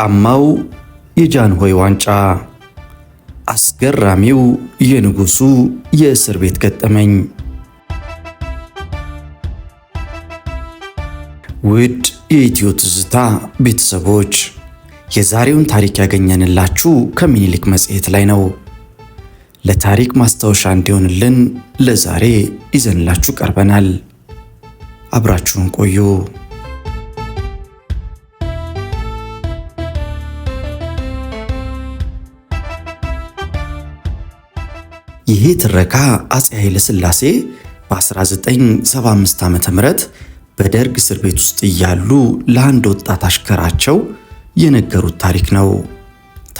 ወርቃማው የጃንሆይ ዋንጫ፣ አስገራሚው የንጉሱ የእስር ቤት ገጠመኝ። ውድ የኢትዮ ትዝታ ቤተሰቦች የዛሬውን ታሪክ ያገኘንላችሁ ከሚኒሊክ መጽሔት ላይ ነው። ለታሪክ ማስታወሻ እንዲሆንልን ለዛሬ ይዘንላችሁ ቀርበናል። አብራችሁን ቆዩ። ይህ ትረካ አጼ ኃይለ ሥላሴ በ1975 ዓ ም በደርግ እስር ቤት ውስጥ እያሉ ለአንድ ወጣት አሽከራቸው የነገሩት ታሪክ ነው።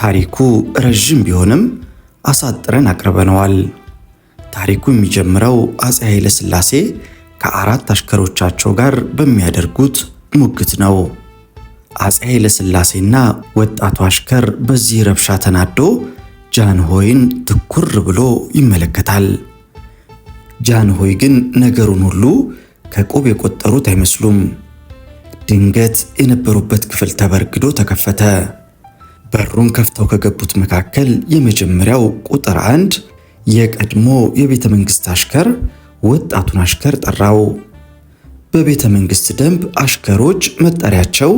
ታሪኩ ረዥም ቢሆንም አሳጥረን አቅርበነዋል። ታሪኩ የሚጀምረው አጼ ኃይለ ሥላሴ ከአራት አሽከሮቻቸው ጋር በሚያደርጉት ሙግት ነው። አፄ ኃይለ ሥላሴና ወጣቱ አሽከር በዚህ ረብሻ ተናዶ ጃንሆይን ትኩር ብሎ ይመለከታል። ጃንሆይ ግን ነገሩን ሁሉ ከቁብ የቆጠሩት አይመስሉም። ድንገት የነበሩበት ክፍል ተበርግዶ ተከፈተ። በሩን ከፍተው ከገቡት መካከል የመጀመሪያው ቁጥር አንድ የቀድሞ የቤተ መንግሥት አሽከር ወጣቱን አሽከር ጠራው። በቤተ መንግሥት ደንብ አሽከሮች መጠሪያቸው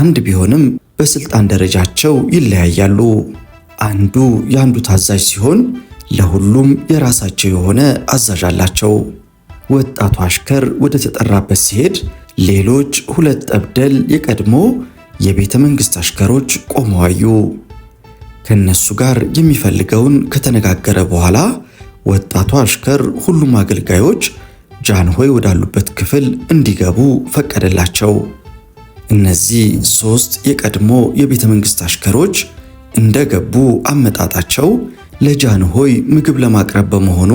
አንድ ቢሆንም በስልጣን ደረጃቸው ይለያያሉ። አንዱ የአንዱ ታዛዥ ሲሆን ለሁሉም የራሳቸው የሆነ አዛዥ አላቸው። ወጣቱ አሽከር ወደ ተጠራበት ሲሄድ ሌሎች ሁለት ጠብደል የቀድሞ የቤተ መንግሥት አሽከሮች ቆመው አዩ። ከነሱ ጋር የሚፈልገውን ከተነጋገረ በኋላ ወጣቱ አሽከር ሁሉም አገልጋዮች ጃንሆይ ወዳሉበት ክፍል እንዲገቡ ፈቀደላቸው። እነዚህ ሦስት የቀድሞ የቤተ መንግሥት አሽከሮች እንደገቡ አመጣጣቸው ለጃንሆይ ምግብ ለማቅረብ በመሆኑ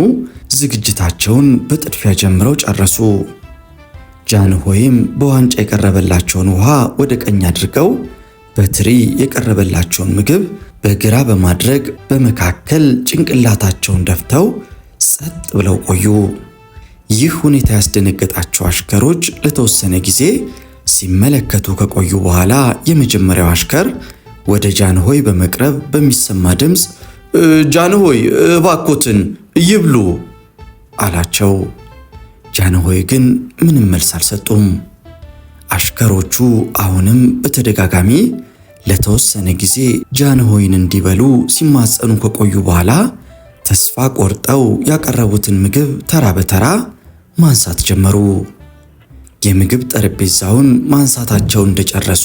ዝግጅታቸውን በጥድፊያ ጀምረው ጨረሱ። ጃንሆይም በዋንጫ የቀረበላቸውን ውሃ ወደ ቀኝ አድርገው በትሪ የቀረበላቸውን ምግብ በግራ በማድረግ በመካከል ጭንቅላታቸውን ደፍተው ጸጥ ብለው ቆዩ። ይህ ሁኔታ ያስደነገጣቸው አሽከሮች ለተወሰነ ጊዜ ሲመለከቱ ከቆዩ በኋላ የመጀመሪያው አሽከር ወደ ጃንሆይ በመቅረብ በሚሰማ ድምፅ ጃንሆይ እባኮትን ይብሉ አላቸው። ጃንሆይ ግን ምንም መልስ አልሰጡም። አሽከሮቹ አሁንም በተደጋጋሚ ለተወሰነ ጊዜ ጃንሆይን እንዲበሉ ሲማጸኑ ከቆዩ በኋላ ተስፋ ቆርጠው ያቀረቡትን ምግብ ተራ በተራ ማንሳት ጀመሩ። የምግብ ጠረጴዛውን ማንሳታቸው እንደጨረሱ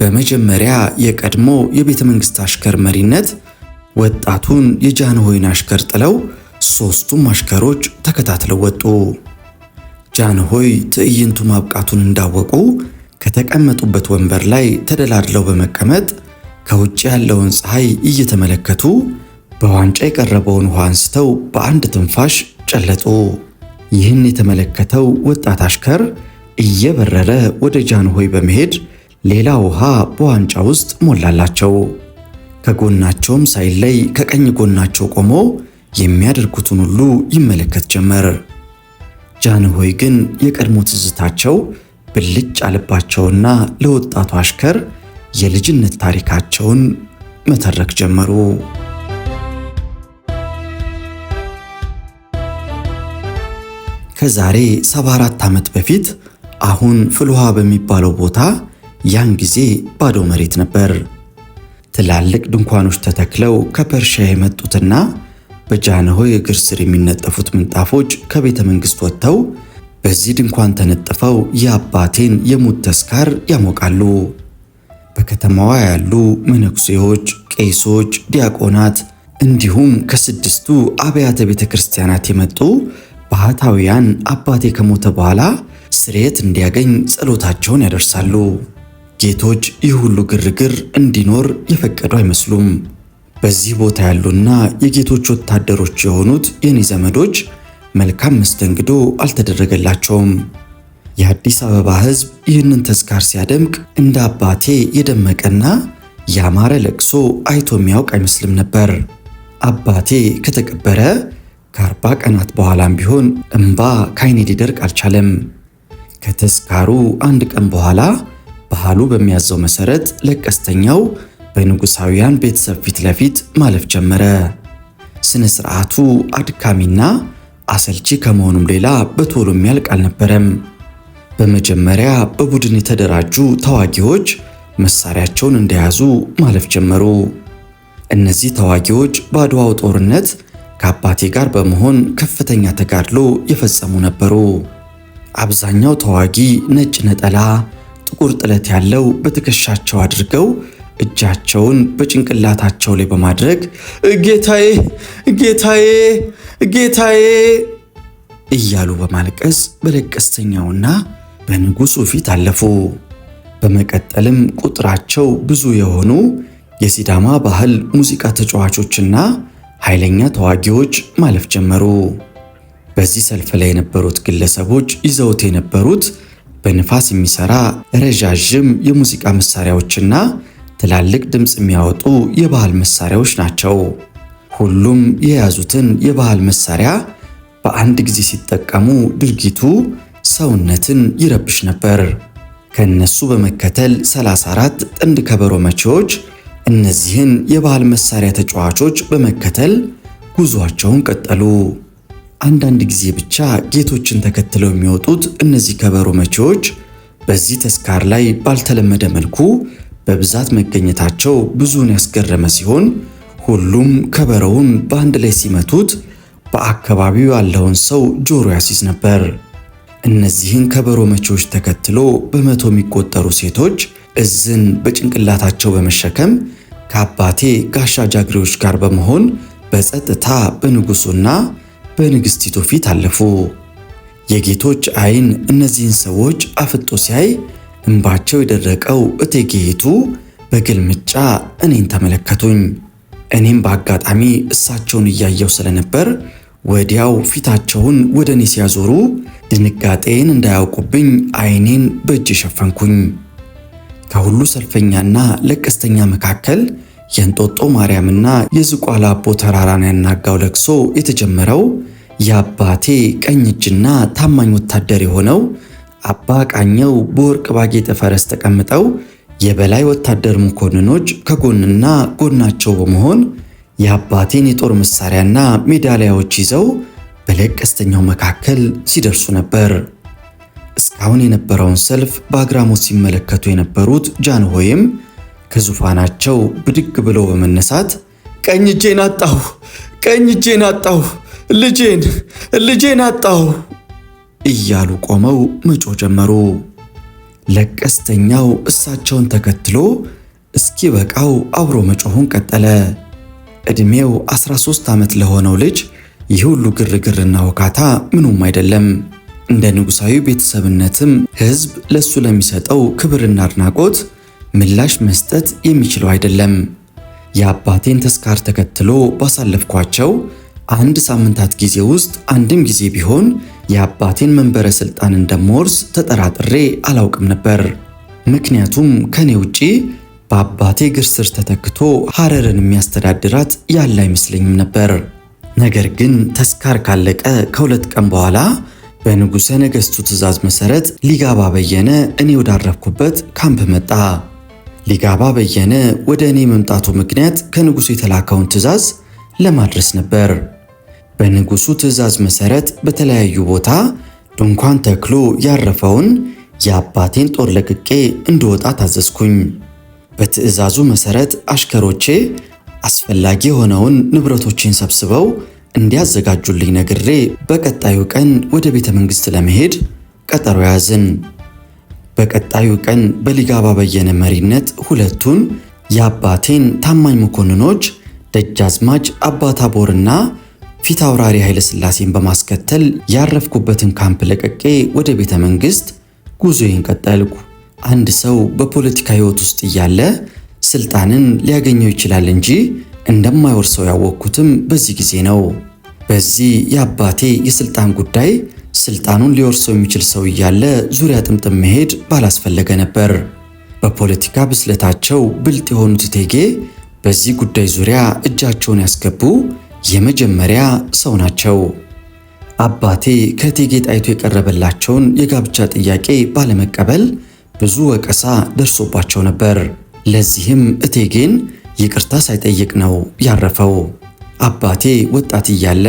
በመጀመሪያ የቀድሞ የቤተ መንግሥት አሽከር መሪነት ወጣቱን የጃንሆይን አሽከር ጥለው ሦስቱም አሽከሮች ተከታትለው ወጡ። ጃንሆይ ትዕይንቱ ማብቃቱን እንዳወቁ ከተቀመጡበት ወንበር ላይ ተደላድለው በመቀመጥ ከውጭ ያለውን ፀሐይ እየተመለከቱ በዋንጫ የቀረበውን ውሃ አንስተው በአንድ ትንፋሽ ጨለጡ። ይህን የተመለከተው ወጣት አሽከር እየበረረ ወደ ጃንሆይ በመሄድ ሌላ ውሃ በዋንጫ ውስጥ ሞላላቸው። ከጎናቸውም ሳይለይ ከቀኝ ጎናቸው ቆሞ የሚያደርጉትን ሁሉ ይመለከት ጀመር። ጃንሆይ ግን የቀድሞ ትዝታቸው ብልጭ አለባቸውና ለወጣቱ አሽከር የልጅነት ታሪካቸውን መተረክ ጀመሩ። ከዛሬ 74 ዓመት በፊት አሁን ፍልውሃ በሚባለው ቦታ ያን ጊዜ ባዶ መሬት ነበር። ትላልቅ ድንኳኖች ተተክለው ከፐርሺያ የመጡትና በጃንሆይ እግር ስር የሚነጠፉት ምንጣፎች ከቤተ መንግሥት ወጥተው በዚህ ድንኳን ተነጥፈው የአባቴን የሙት ተስካር ያሞቃሉ። በከተማዋ ያሉ መነኩሴዎች፣ ቄሶች፣ ዲያቆናት እንዲሁም ከስድስቱ አብያተ ቤተ ክርስቲያናት የመጡ ባህታውያን አባቴ ከሞተ በኋላ ስርየት እንዲያገኝ ጸሎታቸውን ያደርሳሉ። ጌቶች ይህ ሁሉ ግርግር እንዲኖር የፈቀዱ አይመስሉም። በዚህ ቦታ ያሉና የጌቶች ወታደሮች የሆኑት የኔ ዘመዶች መልካም መስተንግዶ አልተደረገላቸውም። የአዲስ አበባ ሕዝብ ይህንን ተስካር ሲያደምቅ እንደ አባቴ የደመቀና ያማረ ለቅሶ አይቶ የሚያውቅ አይመስልም ነበር። አባቴ ከተቀበረ ከአርባ ቀናት በኋላም ቢሆን እምባ ከአይኔ ሊደርቅ አልቻለም። ከተስካሩ አንድ ቀን በኋላ ባህሉ በሚያዘው መሰረት ለቀስተኛው በንጉሳውያን ቤተሰብ ፊት ለፊት ማለፍ ጀመረ። ስነ ስርዓቱ አድካሚና አሰልቺ ከመሆኑም ሌላ በቶሎ የሚያልቅ አልነበረም። በመጀመሪያ በቡድን የተደራጁ ተዋጊዎች መሳሪያቸውን እንደያዙ ማለፍ ጀመሩ። እነዚህ ተዋጊዎች በአድዋው ጦርነት ከአባቴ ጋር በመሆን ከፍተኛ ተጋድሎ የፈጸሙ ነበሩ። አብዛኛው ተዋጊ ነጭ ነጠላ ጥቁር ጥለት ያለው በትከሻቸው አድርገው እጃቸውን በጭንቅላታቸው ላይ በማድረግ ጌታዬ ጌታዬ ጌታዬ እያሉ በማልቀስ በለቀስተኛውና በንጉሡ ፊት አለፉ። በመቀጠልም ቁጥራቸው ብዙ የሆኑ የሲዳማ ባህል ሙዚቃ ተጫዋቾችና ኃይለኛ ተዋጊዎች ማለፍ ጀመሩ። በዚህ ሰልፍ ላይ የነበሩት ግለሰቦች ይዘውት የነበሩት በንፋስ የሚሰራ ረዣዥም የሙዚቃ መሳሪያዎችና ትላልቅ ድምፅ የሚያወጡ የባህል መሳሪያዎች ናቸው። ሁሉም የያዙትን የባህል መሳሪያ በአንድ ጊዜ ሲጠቀሙ ድርጊቱ ሰውነትን ይረብሽ ነበር። ከነሱ በመከተል 34 ጥንድ ከበሮ መቼዎች እነዚህን የባህል መሳሪያ ተጫዋቾች በመከተል ጉዟቸውን ቀጠሉ። አንዳንድ ጊዜ ብቻ ጌቶችን ተከትለው የሚወጡት እነዚህ ከበሮ መቼዎች በዚህ ተስካር ላይ ባልተለመደ መልኩ በብዛት መገኘታቸው ብዙውን ያስገረመ ሲሆን ሁሉም ከበሮውን በአንድ ላይ ሲመቱት በአካባቢው ያለውን ሰው ጆሮ ያሲዝ ነበር። እነዚህን ከበሮ መቼዎች ተከትሎ በመቶ የሚቆጠሩ ሴቶች እዝን በጭንቅላታቸው በመሸከም ከአባቴ ጋሻ ጃግሬዎች ጋር በመሆን በጸጥታ በንጉሱና በንግሥቲቱ ፊት አለፉ። የጌቶች አይን እነዚህን ሰዎች አፍጦ ሲያይ እንባቸው የደረቀው እቴጌይቱ በግልምጫ እኔን ተመለከቱኝ። እኔም በአጋጣሚ እሳቸውን እያየው ስለነበር ወዲያው ፊታቸውን ወደ እኔ ሲያዞሩ ድንጋጤን እንዳያውቁብኝ አይኔን በእጅ ሸፈንኩኝ። ከሁሉ ሰልፈኛና ለቀስተኛ መካከል የእንጦጦ ማርያምና የዝቋላ አቦ ተራራን ያናጋው ለቅሶ የተጀመረው የአባቴ ቀኝ እጅና ታማኝ ወታደር የሆነው አባ ቃኘው በወርቅ ባጌጠ ፈረስ ተቀምጠው የበላይ ወታደር መኮንኖች ከጎንና ጎናቸው በመሆን የአባቴን የጦር መሳሪያና ሜዳሊያዎች ይዘው በለቀስተኛው መካከል ሲደርሱ ነበር። እስካሁን የነበረውን ሰልፍ በአግራሞት ሲመለከቱ የነበሩት ጃንሆይም ከዙፋናቸው ብድግ ብለው በመነሳት ቀኝ እጄን አጣሁ፣ ቀኝ እጄን አጣሁ፣ ልጄን ልጄን አጣሁ እያሉ ቆመው መጮ ጀመሩ። ለቀስተኛው እሳቸውን ተከትሎ እስኪ በቃው አብሮ መጮሁን ቀጠለ። ዕድሜው 13 ዓመት ለሆነው ልጅ ይህ ሁሉ ግርግርና ወካታ ምኑም አይደለም። እንደ ንጉሣዊ ቤተሰብነትም ሕዝብ ለሱ ለሚሰጠው ክብርና አድናቆት ምላሽ መስጠት የሚችለው አይደለም። የአባቴን ተስካር ተከትሎ ባሳለፍኳቸው አንድ ሳምንታት ጊዜ ውስጥ አንድም ጊዜ ቢሆን የአባቴን መንበረ ስልጣን እንደምወርስ ተጠራጥሬ አላውቅም ነበር። ምክንያቱም ከኔ ውጪ በአባቴ እግር ስር ተተክቶ ሐረርን የሚያስተዳድራት ያለ አይመስለኝም ነበር። ነገር ግን ተስካር ካለቀ ከሁለት ቀን በኋላ በንጉሠ ነገሥቱ ትዕዛዝ መሠረት ሊጋባ በየነ እኔ ወዳረፍኩበት ካምፕ መጣ። ሊጋባ በየነ ወደ እኔ መምጣቱ ምክንያት ከንጉሱ የተላከውን ትዕዛዝ ለማድረስ ነበር። በንጉሱ ትዕዛዝ መሰረት በተለያዩ ቦታ ድንኳን ተክሎ ያረፈውን የአባቴን ጦር ለቅቄ እንድወጣ ታዘዝኩኝ። በትዕዛዙ መሰረት አሽከሮቼ አስፈላጊ የሆነውን ንብረቶችን ሰብስበው እንዲያዘጋጁልኝ ነግሬ በቀጣዩ ቀን ወደ ቤተ መንግሥት ለመሄድ ቀጠሮ ያዝን። በቀጣዩ ቀን በሊጋባ በየነ መሪነት ሁለቱን የአባቴን ታማኝ መኮንኖች ደጃዝማች አባ ታቦርና ፊት አውራሪ ኃይለ ሥላሴን በማስከተል ያረፍኩበትን ካምፕ ለቀቄ ወደ ቤተ መንግሥት ጉዞዬን ቀጠልኩ። አንድ ሰው በፖለቲካ ሕይወት ውስጥ እያለ ስልጣንን ሊያገኘው ይችላል እንጂ እንደማይወርሰው ያወቅኩትም በዚህ ጊዜ ነው። በዚህ የአባቴ የስልጣን ጉዳይ ስልጣኑን ሊወርሰው የሚችል ሰው እያለ ዙሪያ ጥምጥም መሄድ ባላስፈለገ ነበር። በፖለቲካ ብስለታቸው ብልጥ የሆኑት እቴጌ በዚህ ጉዳይ ዙሪያ እጃቸውን ያስገቡ የመጀመሪያ ሰው ናቸው። አባቴ ከእቴጌ ጣይቱ የቀረበላቸውን የጋብቻ ጥያቄ ባለመቀበል ብዙ ወቀሳ ደርሶባቸው ነበር። ለዚህም እቴጌን ይቅርታ ሳይጠይቅ ነው ያረፈው። አባቴ ወጣት እያለ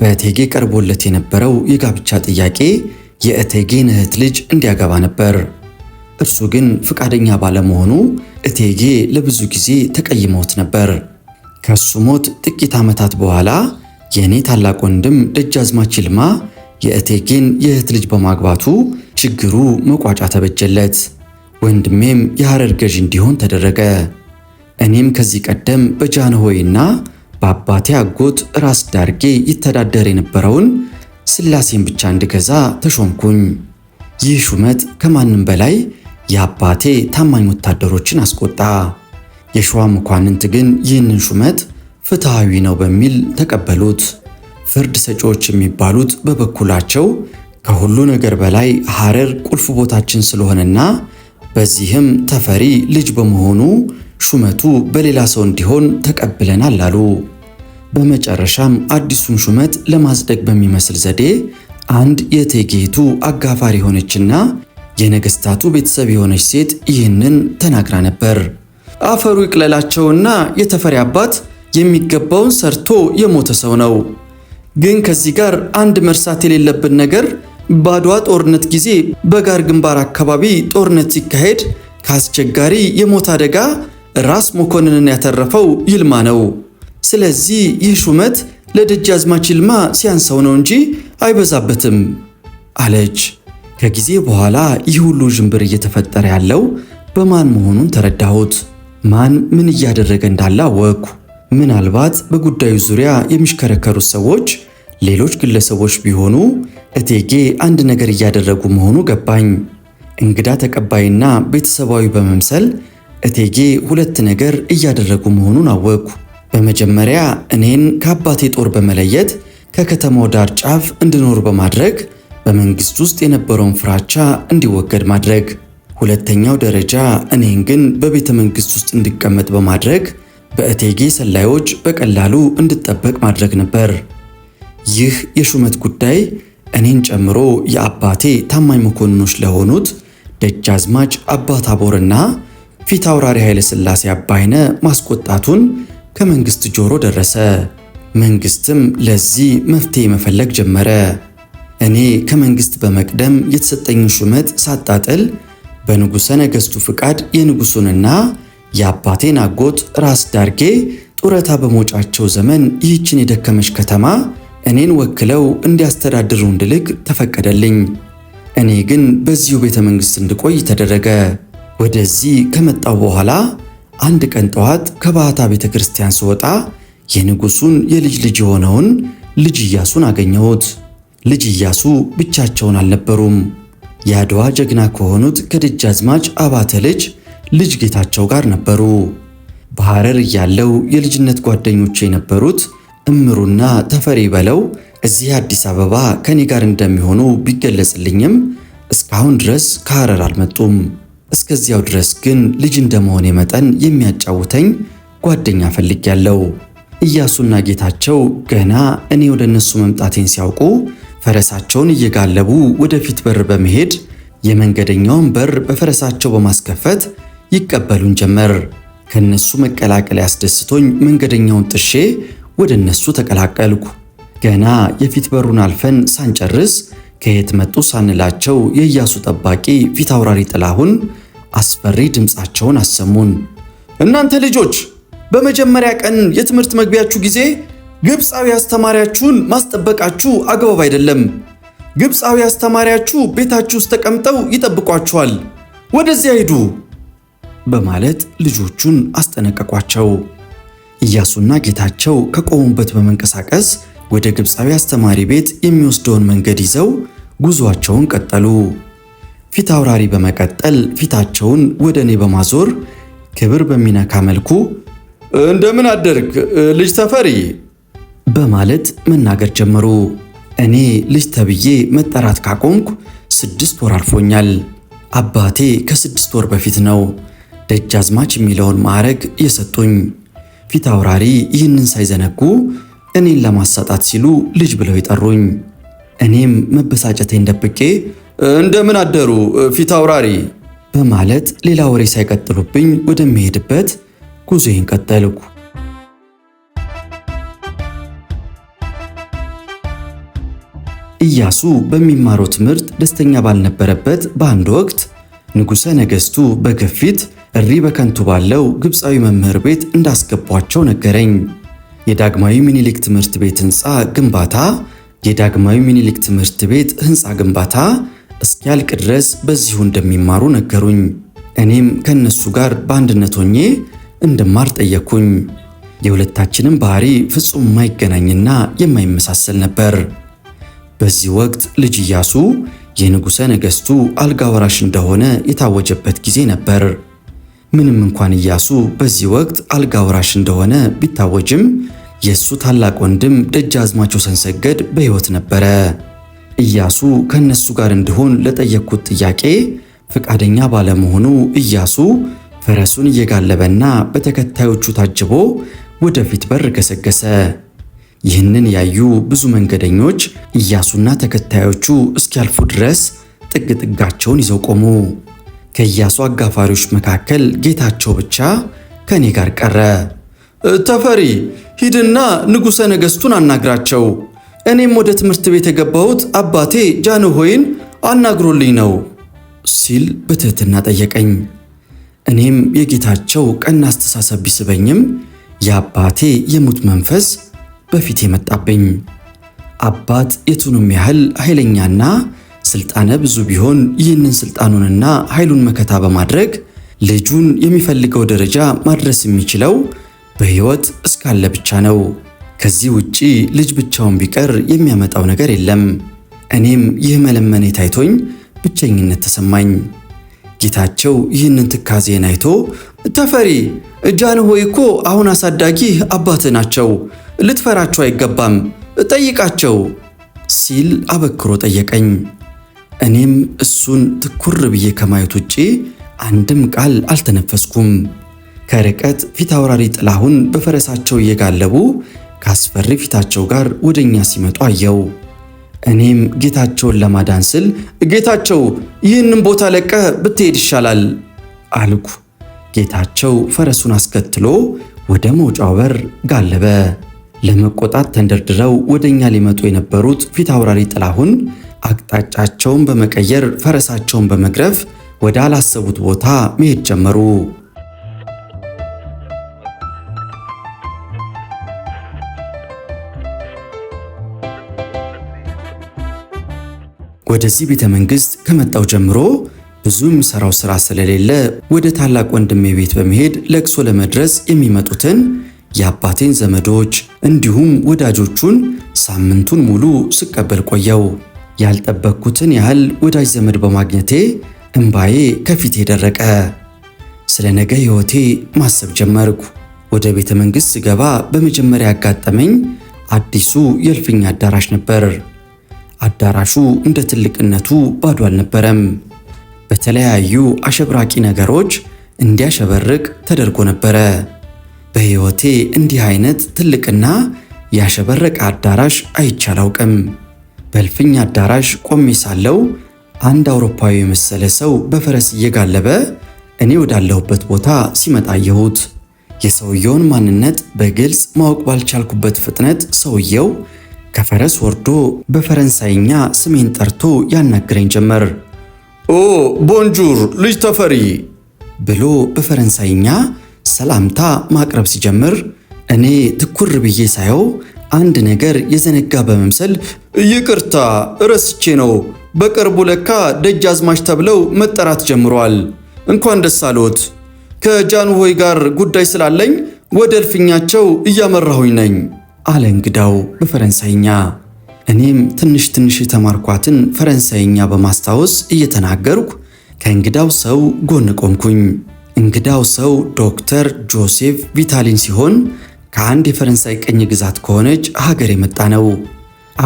በእቴጌ ቀርቦለት የነበረው የጋብቻ ጥያቄ የእቴጌን እህት ልጅ እንዲያገባ ነበር። እርሱ ግን ፈቃደኛ ባለመሆኑ እቴጌ ለብዙ ጊዜ ተቀይመውት ነበር። ከሱ ሞት ጥቂት ዓመታት በኋላ የእኔ ታላቅ ወንድም ደጃዝማች ይልማ የእቴጌን የእህት ልጅ በማግባቱ ችግሩ መቋጫ ተበጀለት። ወንድሜም የሐረር ገዥ እንዲሆን ተደረገ። እኔም ከዚህ ቀደም በጃንሆይና በአባቴ አጎት ራስ ዳርጌ ይተዳደር የነበረውን ስላሴን ብቻ እንድገዛ ተሾምኩኝ። ይህ ሹመት ከማንም በላይ የአባቴ ታማኝ ወታደሮችን አስቆጣ። የሸዋ መኳንንት ግን ይህንን ሹመት ፍትሐዊ ነው በሚል ተቀበሉት። ፍርድ ሰጪዎች የሚባሉት በበኩላቸው ከሁሉ ነገር በላይ ሐረር ቁልፍ ቦታችን ስለሆነና በዚህም ተፈሪ ልጅ በመሆኑ ሹመቱ በሌላ ሰው እንዲሆን ተቀብለናል አሉ። በመጨረሻም አዲሱን ሹመት ለማጽደቅ በሚመስል ዘዴ አንድ የእቴጌይቱ አጋፋሪ የሆነችና የነገስታቱ ቤተሰብ የሆነች ሴት ይህንን ተናግራ ነበር። አፈሩ ይቅለላቸውና የተፈሪ አባት የሚገባውን ሰርቶ የሞተ ሰው ነው። ግን ከዚህ ጋር አንድ መርሳት የሌለብን ነገር በአድዋ ጦርነት ጊዜ በጋር ግንባር አካባቢ ጦርነት ሲካሄድ ከአስቸጋሪ የሞት አደጋ ራስ መኮንንን ያተረፈው ይልማ ነው። ስለዚህ ይህ ሹመት ለደጃዝማች ይልማ ሲያንሰው ነው እንጂ አይበዛበትም አለች። ከጊዜ በኋላ ይህ ሁሉ ዥንብር እየተፈጠረ ያለው በማን መሆኑን ተረዳሁት። ማን ምን እያደረገ እንዳለ አወቅኩ። ምናልባት በጉዳዩ ዙሪያ የሚሽከረከሩት ሰዎች ሌሎች ግለሰቦች ቢሆኑ እቴጌ አንድ ነገር እያደረጉ መሆኑ ገባኝ። እንግዳ ተቀባይና ቤተሰባዊ በመምሰል እቴጌ ሁለት ነገር እያደረጉ መሆኑን አወቅኩ። በመጀመሪያ እኔን ከአባቴ ጦር በመለየት ከከተማው ዳር ጫፍ እንድኖር በማድረግ በመንግስት ውስጥ የነበረውን ፍራቻ እንዲወገድ ማድረግ፣ ሁለተኛው ደረጃ እኔን ግን በቤተ መንግስት ውስጥ እንዲቀመጥ በማድረግ በእቴጌ ሰላዮች በቀላሉ እንድጠበቅ ማድረግ ነበር። ይህ የሹመት ጉዳይ እኔን ጨምሮ የአባቴ ታማኝ መኮንኖች ለሆኑት ደጃዝማች አባት አቦርና ፊት አውራሪ ኃይለ ሥላሴ አባይነ ማስቆጣቱን ከመንግስት ጆሮ ደረሰ። መንግስትም ለዚህ መፍትሄ መፈለግ ጀመረ። እኔ ከመንግስት በመቅደም የተሰጠኝን ሹመት ሳጣጥል በንጉሠ ነገሥቱ ፍቃድ የንጉሱንና የአባቴን አጎት ራስ ዳርጌ ጡረታ በመውጫቸው ዘመን ይህችን የደከመች ከተማ እኔን ወክለው እንዲያስተዳድሩ እንድልክ ተፈቀደልኝ። እኔ ግን በዚሁ ቤተ መንግሥት እንድቆይ ተደረገ። ወደዚህ ከመጣው በኋላ አንድ ቀን ጠዋት ከባህታ ቤተ ክርስቲያን ስወጣ የንጉሱን የልጅ ልጅ የሆነውን ልጅ ኢያሱን አገኘሁት። ልጅ ኢያሱ ብቻቸውን አልነበሩም። የአድዋ ጀግና ከሆኑት ከደጃዝማች አባተ ልጅ ልጅ ጌታቸው ጋር ነበሩ። በሐረር እያለው የልጅነት ጓደኞች የነበሩት እምሩና ተፈሪ በለው እዚህ አዲስ አበባ ከኔ ጋር እንደሚሆኑ ቢገለጽልኝም እስካሁን ድረስ ከሐረር አልመጡም። እስከዚያው ድረስ ግን ልጅ እንደመሆኔ መጠን የሚያጫውተኝ ጓደኛ ፈልጌያለሁ። እያሱና ጌታቸው ገና እኔ ወደ እነሱ መምጣቴን ሲያውቁ ፈረሳቸውን እየጋለቡ ወደፊት በር በመሄድ የመንገደኛውን በር በፈረሳቸው በማስከፈት ይቀበሉን ጀመር። ከነሱ መቀላቀል ያስደስቶኝ መንገደኛውን ጥሼ ወደ እነሱ ተቀላቀልኩ። ገና የፊት በሩን አልፈን ሳንጨርስ ከየት መጡ ሳንላቸው የኢያሱ ጠባቂ ፊት አውራሪ ጥላሁን አስፈሪ ድምፃቸውን አሰሙን። እናንተ ልጆች በመጀመሪያ ቀን የትምህርት መግቢያችሁ ጊዜ ግብፃዊ አስተማሪያችሁን ማስጠበቃችሁ አግባብ አይደለም። ግብፃዊ አስተማሪያችሁ ቤታችሁ ውስጥ ተቀምጠው ይጠብቋችኋል። ወደዚያ ሂዱ በማለት ልጆቹን አስጠነቀቋቸው። ኢያሱና ጌታቸው ከቆሙበት በመንቀሳቀስ ወደ ግብፃዊ አስተማሪ ቤት የሚወስደውን መንገድ ይዘው ጉዟቸውን ቀጠሉ። ፊት አውራሪ በመቀጠል ፊታቸውን ወደ እኔ በማዞር ክብር በሚነካ መልኩ እንደምን አደርግ ልጅ ተፈሪ በማለት መናገር ጀመሩ። እኔ ልጅ ተብዬ መጠራት ካቆምኩ ስድስት ወር አልፎኛል። አባቴ ከስድስት ወር በፊት ነው ደጃዝማች የሚለውን ማዕረግ የሰጡኝ። ፊት አውራሪ ይህንን ሳይዘነጉ እኔን ለማሳጣት ሲሉ ልጅ ብለው ይጠሩኝ። እኔም መበሳጨቴን ደብቄ እንደምን አደሩ ፊት አውራሪ በማለት ሌላ ወሬ ሳይቀጥሉብኝ ወደሚሄድበት ጉዞዬን ቀጠልኩ። ኢያሱ በሚማረው ትምህርት ደስተኛ ባልነበረበት በአንድ ወቅት ንጉሠ ነገሥቱ በግፊት እሪ በከንቱ ባለው ግብፃዊ መምህር ቤት እንዳስገቧቸው ነገረኝ። የዳግማዊ ምኒልክ ትምህርት ቤት ህንፃ ግንባታ የዳግማዊ ምኒልክ ትምህርት ቤት ህንፃ ግንባታ እስኪያልቅ ድረስ በዚሁ እንደሚማሩ ነገሩኝ። እኔም ከእነሱ ጋር በአንድነት ሆኜ እንድማር ጠየኩኝ። የሁለታችንም ባህሪ ፍጹም የማይገናኝና የማይመሳሰል ነበር። በዚህ ወቅት ልጅ እያሱ የንጉሠ ነገሥቱ አልጋ ወራሽ እንደሆነ የታወጀበት ጊዜ ነበር። ምንም እንኳን እያሱ በዚህ ወቅት አልጋ ወራሽ እንደሆነ ቢታወጅም የእሱ ታላቅ ወንድም ደጃዝማች ሰንሰገድ በሕይወት ነበረ። ኢያሱ ከእነሱ ጋር እንዲሆን ለጠየቅኩት ጥያቄ ፈቃደኛ ባለመሆኑ ኢያሱ ፈረሱን እየጋለበና በተከታዮቹ ታጅቦ ወደፊት በር ገሰገሰ። ይህንን ያዩ ብዙ መንገደኞች ኢያሱና ተከታዮቹ እስኪያልፉ ድረስ ጥግ ጥጋቸውን ይዘው ቆሙ። ከኢያሱ አጋፋሪዎች መካከል ጌታቸው ብቻ ከእኔ ጋር ቀረ። ተፈሪ ሂድና ንጉሠ ነገሥቱን አናግራቸው። እኔም ወደ ትምህርት ቤት የገባሁት አባቴ ጃንሆይን አናግሮልኝ ነው ሲል በትህትና ጠየቀኝ። እኔም የጌታቸው ቀና አስተሳሰብ ቢስበኝም የአባቴ የሙት መንፈስ በፊት የመጣብኝ። አባት የቱንም ያህል ኃይለኛና ስልጣነ ብዙ ቢሆን ይህንን ስልጣኑንና ኃይሉን መከታ በማድረግ ልጁን የሚፈልገው ደረጃ ማድረስ የሚችለው በህይወት እስካለ ብቻ ነው። ከዚህ ውጪ ልጅ ብቻውን ቢቀር የሚያመጣው ነገር የለም። እኔም ይህ መለመኔ ታይቶኝ ብቸኝነት ተሰማኝ። ጌታቸው ይህንን ትካዜን አይቶ ተፈሪ ጃንሆይ እኮ አሁን አሳዳጊ አባትህ ናቸው፣ ልትፈራቸው አይገባም፣ ጠይቃቸው ሲል አበክሮ ጠየቀኝ። እኔም እሱን ትኩር ብዬ ከማየት ውጪ አንድም ቃል አልተነፈስኩም። ከርቀት ፊታውራሪ ጥላሁን በፈረሳቸው እየጋለቡ ካስፈሪ ፊታቸው ጋር ወደኛ ሲመጡ አየው። እኔም ጌታቸውን ለማዳን ስል ጌታቸው ይህንን ቦታ ለቀ ብትሄድ ይሻላል አልኩ። ጌታቸው ፈረሱን አስከትሎ ወደ መውጫው በር ጋለበ። ለመቆጣት ተንደርድረው ወደኛ ሊመጡ የነበሩት ፊታውራሪ ጥላሁን አቅጣጫቸውን በመቀየር ፈረሳቸውን በመግረፍ ወደ አላሰቡት ቦታ መሄድ ጀመሩ። ወደዚህ ቤተ መንግስት ከመጣው ጀምሮ ብዙ ሰራው ስራ ስለሌለ ወደ ታላቅ ወንድሜ ቤት በመሄድ ለቅሶ ለመድረስ የሚመጡትን የአባቴን ዘመዶች እንዲሁም ወዳጆቹን ሳምንቱን ሙሉ ስቀበል ቆየው። ያልጠበቅኩትን ያህል ወዳጅ ዘመድ በማግኘቴ እምባዬ ከፊቴ ደረቀ። ስለ ነገ ሕይወቴ ማሰብ ጀመርኩ። ወደ ቤተ መንግሥት ስገባ በመጀመሪያ ያጋጠመኝ አዲሱ የእልፍኝ አዳራሽ ነበር። አዳራሹ እንደ ትልቅነቱ ባዶ አልነበረም። በተለያዩ አሸብራቂ ነገሮች እንዲያሸበርቅ ተደርጎ ነበረ። በሕይወቴ እንዲህ አይነት ትልቅና ያሸበረቀ አዳራሽ አይቼ አላውቅም። በእልፍኝ አዳራሽ ቆሜ ሳለው አንድ አውሮፓዊ የመሰለ ሰው በፈረስ እየጋለበ እኔ ወዳለሁበት ቦታ ሲመጣ አየሁት። የሰውየውን ማንነት በግልጽ ማወቅ ባልቻልኩበት ፍጥነት ሰውየው ከፈረስ ወርዶ በፈረንሳይኛ ስሜን ጠርቶ ያናግረኝ ጀመር። ኦ ቦንጁር ልጅ ተፈሪ ብሎ በፈረንሳይኛ ሰላምታ ማቅረብ ሲጀምር እኔ ትኩር ብዬ ሳየው አንድ ነገር የዘነጋ በመምሰል ይቅርታ ረስቼ ነው፣ በቅርቡ ለካ ደጅ አዝማሽ ተብለው መጠራት ጀምሯል። እንኳን ደስ አሎት። ከጃንሆይ ጋር ጉዳይ ስላለኝ ወደ እልፍኛቸው እያመራሁኝ ነኝ አለ እንግዳው በፈረንሳይኛ። እኔም ትንሽ ትንሽ የተማርኳትን ፈረንሳይኛ በማስታወስ እየተናገርኩ ከእንግዳው ሰው ጎን ቆምኩኝ። እንግዳው ሰው ዶክተር ጆሴፍ ቪታሊን ሲሆን ከአንድ የፈረንሳይ ቅኝ ግዛት ከሆነች ሀገር የመጣ ነው።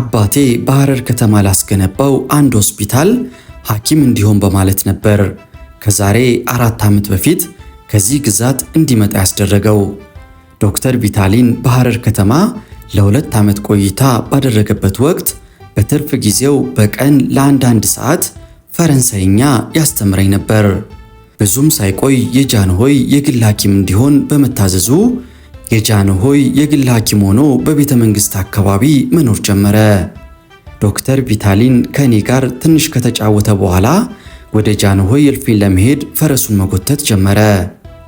አባቴ በሐረር ከተማ ላስገነባው አንድ ሆስፒታል ሐኪም እንዲሆን በማለት ነበር ከዛሬ አራት ዓመት በፊት ከዚህ ግዛት እንዲመጣ ያስደረገው። ዶክተር ቪታሊን በሐረር ከተማ ለሁለት ዓመት ቆይታ ባደረገበት ወቅት በትርፍ ጊዜው በቀን ለአንዳንድ ሰዓት ፈረንሳይኛ ያስተምረኝ ነበር። ብዙም ሳይቆይ የጃንሆይ የግል ሐኪም እንዲሆን በመታዘዙ የጃንሆይ የግል ሐኪም ሆኖ በቤተ መንግሥት አካባቢ መኖር ጀመረ። ዶክተር ቪታሊን ከእኔ ጋር ትንሽ ከተጫወተ በኋላ ወደ ጃንሆይ እልፍኝ ለመሄድ ፈረሱን መጎተት ጀመረ።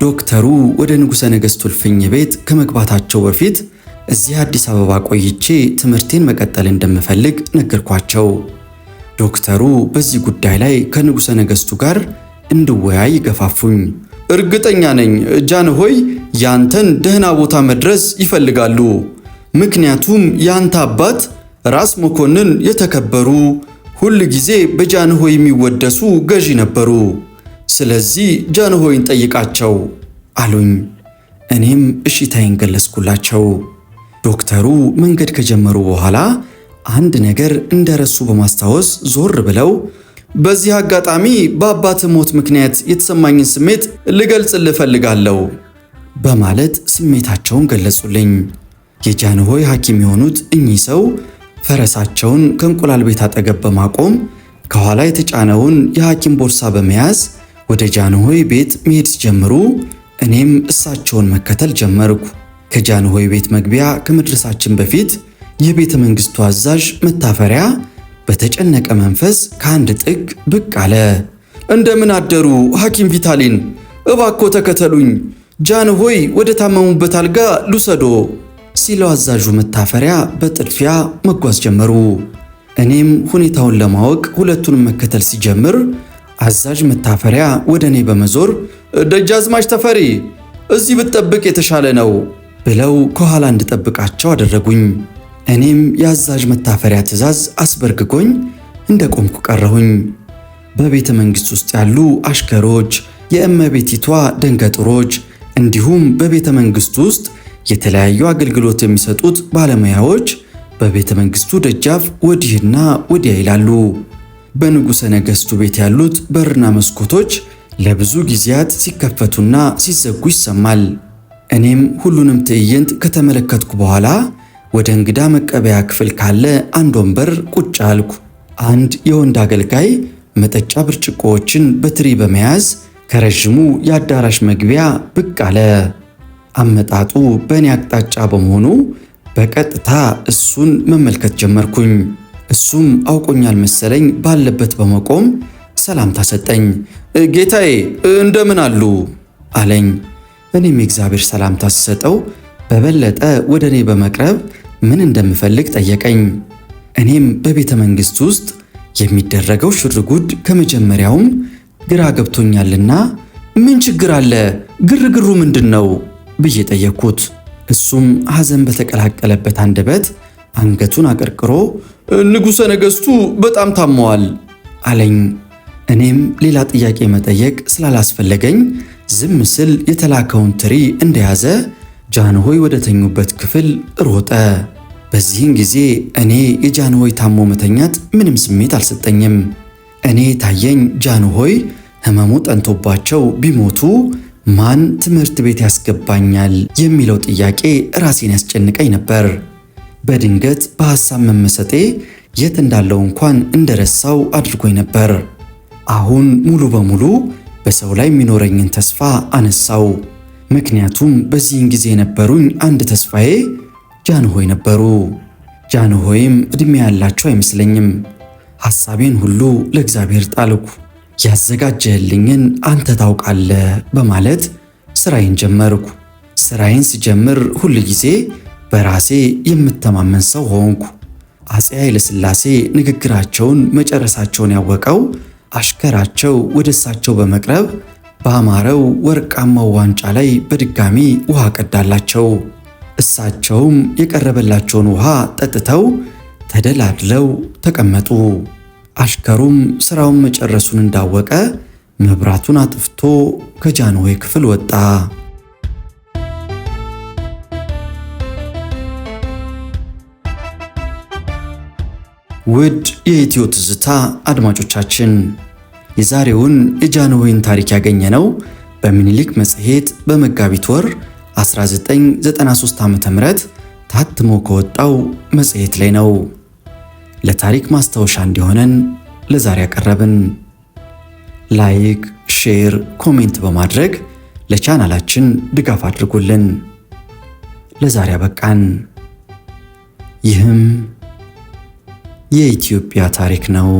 ዶክተሩ ወደ ንጉሠ ነገሥቱ እልፍኝ ቤት ከመግባታቸው በፊት እዚህ አዲስ አበባ ቆይቼ ትምህርቴን መቀጠል እንደምፈልግ ነገርኳቸው። ዶክተሩ በዚህ ጉዳይ ላይ ከንጉሠ ነገሥቱ ጋር እንድወያይ ገፋፉኝ። እርግጠኛ ነኝ ጃንሆይ ያንተን ደህና ቦታ መድረስ ይፈልጋሉ። ምክንያቱም ያንተ አባት ራስ መኮንን የተከበሩ ሁል ጊዜ በጃንሆይ የሚወደሱ ገዢ ነበሩ። ስለዚህ ጃንሆይን ጠይቃቸው አሉኝ። እኔም እሺታዬን ገለጽኩላቸው። ዶክተሩ መንገድ ከጀመሩ በኋላ አንድ ነገር እንደረሱ በማስታወስ ዞር ብለው በዚህ አጋጣሚ በአባት ሞት ምክንያት የተሰማኝን ስሜት ልገልጽ ልፈልጋለሁ። በማለት ስሜታቸውን ገለጹልኝ። የጃንሆይ ሐኪም የሆኑት እኚህ ሰው ፈረሳቸውን ከእንቁላል ቤት አጠገብ በማቆም ከኋላ የተጫነውን የሐኪም ቦርሳ በመያዝ ወደ ጃንሆይ ቤት መሄድ ሲጀምሩ እኔም እሳቸውን መከተል ጀመርኩ። ከጃንሆይ ቤት መግቢያ ከመድረሳችን በፊት የቤተ መንግሥቱ አዛዥ መታፈሪያ በተጨነቀ መንፈስ ከአንድ ጥግ ብቅ አለ። እንደምን አደሩ ሐኪም ቪታሊን፣ እባኮ ተከተሉኝ፣ ጃንሆይ ወደ ታመሙበት አልጋ ልውሰዶ ሲለው አዛዡ መታፈሪያ በጥድፊያ መጓዝ ጀመሩ። እኔም ሁኔታውን ለማወቅ ሁለቱንም መከተል ሲጀምር አዛዥ መታፈሪያ ወደ እኔ በመዞር ደጃዝማች ተፈሪ እዚህ ብትጠብቅ የተሻለ ነው ብለው ከኋላ እንድጠብቃቸው አደረጉኝ። እኔም የአዛዥ መታፈሪያ ትዕዛዝ አስበርግጎኝ እንደ ቆምኩ ቀረሁኝ። በቤተ መንግሥት ውስጥ ያሉ አሽከሮች፣ የእመቤቲቷ ደንገጥሮች እንዲሁም በቤተ መንግሥቱ ውስጥ የተለያዩ አገልግሎት የሚሰጡት ባለሙያዎች በቤተ መንግሥቱ ደጃፍ ወዲህና ወዲያ ይላሉ። በንጉሠ ነገሥቱ ቤት ያሉት በርና መስኮቶች ለብዙ ጊዜያት ሲከፈቱና ሲዘጉ ይሰማል። እኔም ሁሉንም ትዕይንት ከተመለከትኩ በኋላ ወደ እንግዳ መቀበያ ክፍል ካለ አንድ ወንበር ቁጭ አልኩ። አንድ የወንድ አገልጋይ መጠጫ ብርጭቆዎችን በትሪ በመያዝ ከረዥሙ የአዳራሽ መግቢያ ብቅ አለ። አመጣጡ በእኔ አቅጣጫ በመሆኑ በቀጥታ እሱን መመልከት ጀመርኩኝ። እሱም አውቆኛል መሰለኝ ባለበት በመቆም ሰላምታ ሰጠኝ። ጌታዬ እንደምን አሉ አለኝ። እኔም የእግዚአብሔር ሰላምታ ስሰጠው በበለጠ ወደ እኔ በመቅረብ ምን እንደምፈልግ ጠየቀኝ። እኔም በቤተ መንግሥት ውስጥ የሚደረገው ሽርጉድ ከመጀመሪያውም ግራ ገብቶኛልና ምን ችግር አለ? ግርግሩ ምንድን ነው ብዬ ጠየቅኩት። እሱም ሐዘን በተቀላቀለበት አንደበት አንገቱን አቀርቅሮ ንጉሠ ነገሥቱ በጣም ታመዋል አለኝ። እኔም ሌላ ጥያቄ መጠየቅ ስላላስፈለገኝ ዝም ስል የተላከውን ትሪ እንደያዘ ጃንሆይ ወደ ተኙበት ክፍል ሮጠ። በዚህን ጊዜ እኔ የጃንሆይ ታሞ መተኛት ምንም ስሜት አልሰጠኝም። እኔ ታየኝ ጃንሆይ ህመሙ ጠንቶባቸው ቢሞቱ ማን ትምህርት ቤት ያስገባኛል የሚለው ጥያቄ ራሴን ያስጨንቀኝ ነበር። በድንገት በሐሳብ መመሰጤ የት እንዳለው እንኳን እንደረሳው አድርጎኝ ነበር። አሁን ሙሉ በሙሉ በሰው ላይ የሚኖረኝን ተስፋ አነሳው። ምክንያቱም በዚህን ጊዜ የነበሩኝ አንድ ተስፋዬ ጃንሆይ ነበሩ። ጃንሆይም እድሜ ያላቸው አይመስለኝም። ሐሳቤን ሁሉ ለእግዚአብሔር ጣልኩ። ያዘጋጀህልኝን አንተ ታውቃለህ በማለት ስራዬን ጀመርኩ። ስራዬን ስጀምር ሁል ጊዜ በራሴ የምተማመን ሰው ሆንኩ። አፄ ኃይለሥላሴ ንግግራቸውን መጨረሳቸውን ያወቀው አሽከራቸው ወደ እሳቸው በመቅረብ በአማረው ወርቃማው ዋንጫ ላይ በድጋሚ ውሃ ቀዳላቸው። እሳቸውም የቀረበላቸውን ውሃ ጠጥተው ተደላድለው ተቀመጡ። አሽከሩም ስራውን መጨረሱን እንዳወቀ መብራቱን አጥፍቶ ከጃንሆይ ክፍል ወጣ። ውድ የኢትዮ ትዝታ አድማጮቻችን የዛሬውን የጃንሆይን ታሪክ ያገኘነው በሚኒሊክ መጽሔት በመጋቢት ወር 1993 ዓ.ም ታትሞ ከወጣው መጽሔት ላይ ነው። ለታሪክ ማስታወሻ እንዲሆነን ለዛሬ ያቀረብን። ላይክ፣ ሼር፣ ኮሜንት በማድረግ ለቻናላችን ድጋፍ አድርጉልን። ለዛሬ አበቃን። ይህም የኢትዮጵያ ታሪክ ነው።